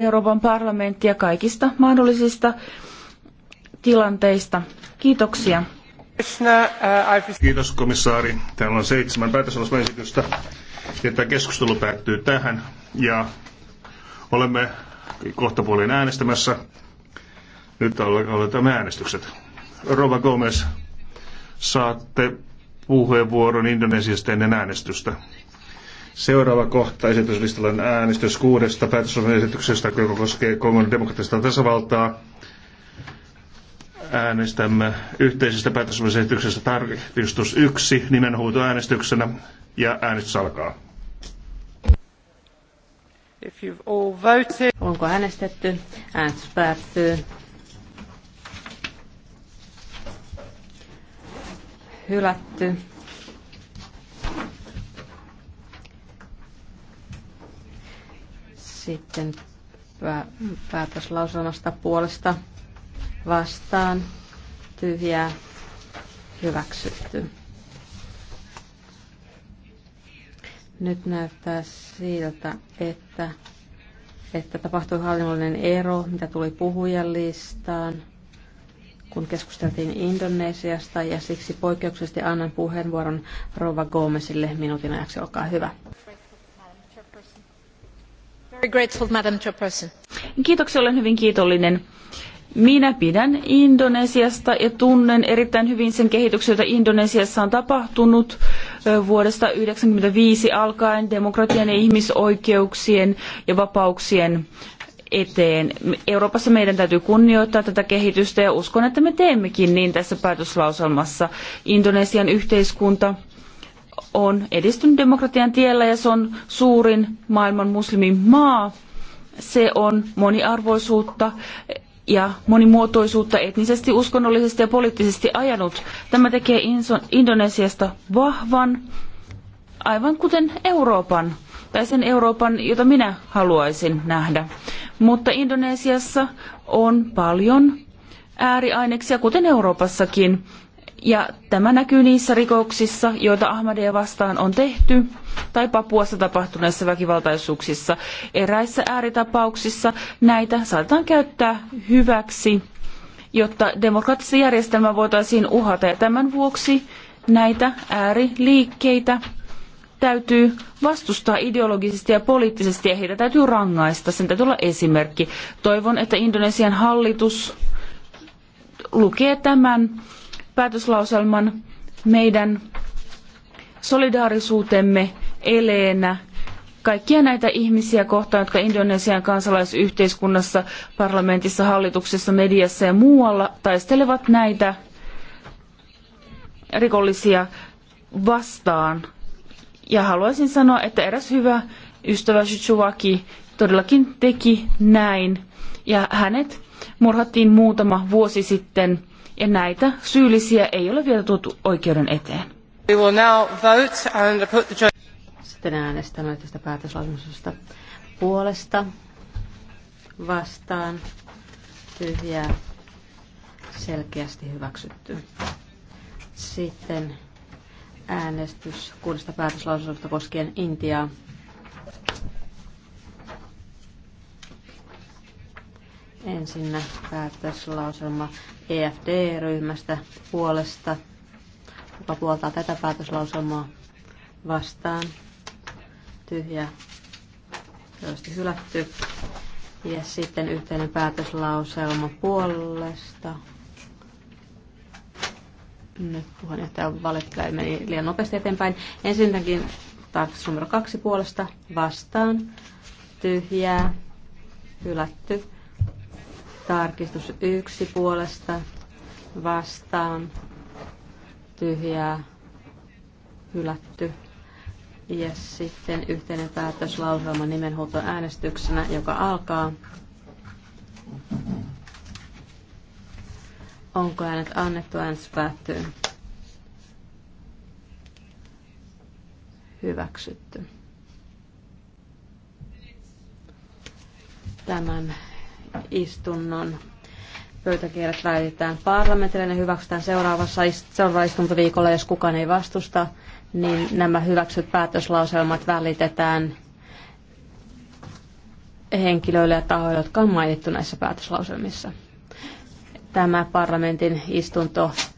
Euroopan parlamenttia kaikista mahdollisista tilanteista. Kiitoksia. Kiitos komissaari. Täällä on seitsemän päätösolosuesitystä ja tämä keskustelu päättyy tähän ja olemme kohtapuolin äänestämässä. Nyt aloitamme äänestykset. Rova Gomez, saatte puheenvuoron Indonesiasta ennen äänestystä. Seuraava kohta esityslistalla on äänestys kuudesta esityksestä, joka koskee Kongon demokraattista tasavaltaa. Äänestämme yhteisestä esityksestä tarkistus nimenhuuto äänestyksenä ja äänestys alkaa. If you've all voted. Onko äänestetty? Äänestys päättyy. Hylätty. Sitten päätöslauselmasta puolesta vastaan tyhjää hyväksytty. Nyt näyttää siltä, että, että tapahtui hallinnollinen ero, mitä tuli puhujan listaan, kun keskusteltiin Indonesiasta, ja siksi poikkeuksellisesti annan puheenvuoron Rova Gomesille minuutin ajaksi. Olkaa hyvä olen hyvin kiitollinen. Minä pidän Indonesiasta ja tunnen erittäin hyvin sen kehityksen, jota Indonesiassa on tapahtunut vuodesta 1995 alkaen demokratian ja ihmisoikeuksien ja vapauksien eteen. Euroopassa meidän täytyy kunnioittaa tätä kehitystä ja uskon, että me teemmekin niin tässä päätöslauselmassa. Indonesian yhteiskunta on edistynyt demokratian tiellä ja se on suurin maailman muslimin maa. Se on moniarvoisuutta ja monimuotoisuutta etnisesti, uskonnollisesti ja poliittisesti ajanut. Tämä tekee Indonesiasta vahvan, aivan kuten Euroopan, tai sen Euroopan, jota minä haluaisin nähdä. Mutta Indonesiassa on paljon ääriaineksia, kuten Euroopassakin. Ja tämä näkyy niissä rikoksissa, joita Ahmadia vastaan on tehty, tai Papuassa tapahtuneissa väkivaltaisuuksissa. Eräissä ääritapauksissa näitä saatetaan käyttää hyväksi, jotta demokraattista järjestelmää voitaisiin uhata. Ja tämän vuoksi näitä ääriliikkeitä täytyy vastustaa ideologisesti ja poliittisesti ja heitä täytyy rangaista. Sen täytyy olla esimerkki. Toivon, että Indonesian hallitus lukee tämän päätöslauselman meidän solidaarisuutemme eleenä kaikkia näitä ihmisiä kohtaan, jotka Indonesian kansalaisyhteiskunnassa, parlamentissa, hallituksessa, mediassa ja muualla taistelevat näitä rikollisia vastaan. Ja haluaisin sanoa, että eräs hyvä ystävä Shichuaki todellakin teki näin. Ja hänet murhattiin muutama vuosi sitten ja näitä syyllisiä ei ole vielä tuotu oikeuden eteen. We will now vote and put the. Sitten äänestämme tästä päätöslausunnosta puolesta vastaan tyhjää selkeästi hyväksytty. Sitten äänestys kuudesta päätöslausunnosta koskien Intiaa. Ensinnä päätöslauselma EFD-ryhmästä puolesta, joka puoltaa tätä päätöslauselmaa vastaan. Tyhjä, toivottavasti hylätty. Ja sitten yhteinen päätöslauselma puolesta. Nyt puheenjohtaja valittelee, meni liian nopeasti eteenpäin. Ensinnäkin tarkistus numero kaksi puolesta vastaan. Tyhjää, hylätty Tarkistus yksi puolesta vastaan tyhjää hylätty. Ja sitten yhteinen päätöslauselma nimenhuuto äänestyksenä, joka alkaa. Onko äänet annettu? äänet päättyy. Hyväksytty. Tämän istunnon pöytäkirjat välitetään parlamentille, ne hyväksytään seuraavassa seuraavalla istuntoviikolla, jos kukaan ei vastusta, niin nämä hyväksyt päätöslauselmat välitetään henkilöille ja tahoille, jotka on mainittu näissä päätöslauselmissa. Tämä parlamentin istunto